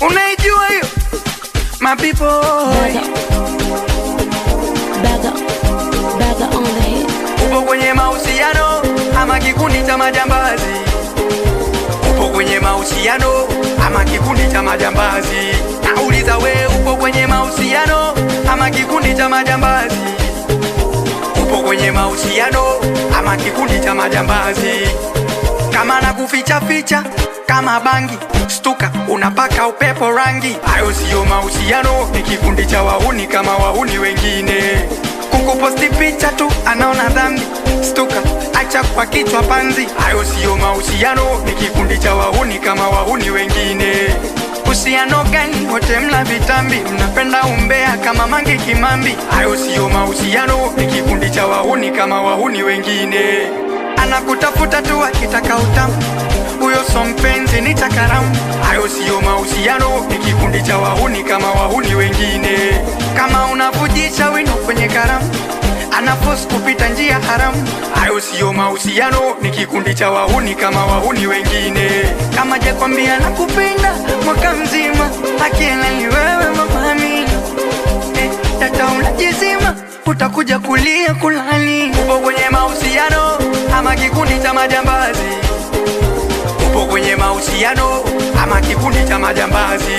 unaijua hiyo mapipoy upo kwenye mahusiano ama kikundi cha majambazi upo kwenye mahusiano ama kikundi cha majambazi nauliza we upo kwenye mahusiano ama kikundi cha majambazi upo kwenye mahusiano ama kikundi cha majambazi kama na kuficha ficha kama bangi stuka unapaka upepo rangi hayo siyo mahusiano ni kikundi cha wahuni kama wahuni wengine kukuposti picha tu anaona dhambi stuka acha kwa kichwa panzi hayo siyo mahusiano ni kikundi cha wahuni kama wahuni wengine husiano gani wote mla vitambi mnapenda umbea kama mangi kimambi hayo siyo mahusiano ni kikundi cha wahuni kama wahuni wengine kutafuta tu akitaka utamu, huyo so mpenzi ni takaramu. Hayo siyo mahusiano, ni kikundi cha wahuni kama wahuni wengine. Kama unavujisha wino kwenye karamu, anafosi kupita njia haramu. Hayo siyo mahusiano, ni kikundi cha wahuni kama wahuni wengine. Kama jakwambia kupinda mwaka mzima, akiela ni wewe eh, tata unajizima, utakuja kulia kulani kwenye mahusiano ama kikundi cha majambazi?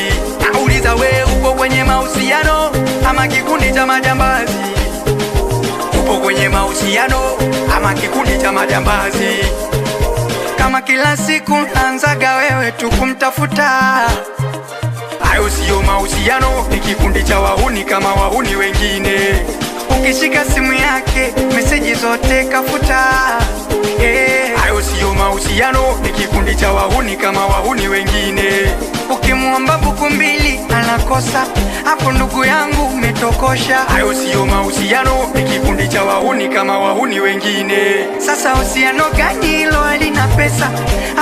Nauliza we, upo kwenye mahusiano ama kikundi cha majambazi? Upo kwenye mahusiano ama kikundi cha majambazi? Kama kila siku anzaga wewe tu kumtafuta, hayo siyo mahusiano, ni kikundi cha wahuni kama wahuni wengine. Ukishika simu yake meseji zote kafuta, yeah mahusiano ni kikundi cha wahuni kama wahuni wengine. Ukimwomba buku mbili anakosa, hapo ndugu yangu umetokosha. Hayo siyo mahusiano, ni kikundi cha wahuni kama wahuni wengine. Sasa husiano gani hilo alina pesa,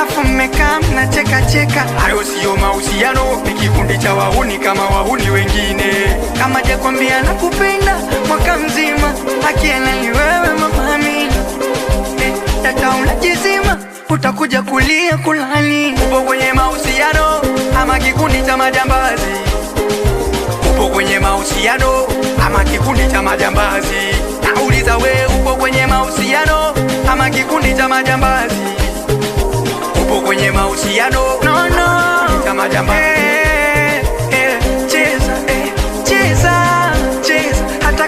afu mmekaa mnacheka cheka? Hayo siyo mahusiano, ni kikundi cha wahuni kama wahuni wengine. Kama jakwambia nakupenda mwaka mzima, akiana ni wewe utakuja kulia kulani. Upo kwenye mahusiano ama kikundi cha majambazi? Upo kwenye mahusiano ama kikundi cha majambazi? Nauliza we, upo kwenye mahusiano ama kikundi cha majambazi? Upo kwenye mahusiano no, no. cha majambazi eh, bebe eh, eh, cheza, eh, cheza, cheza hata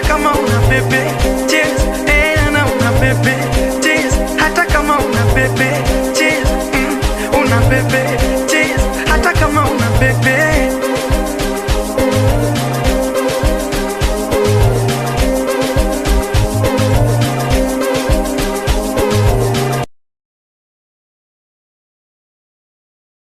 kama una bebe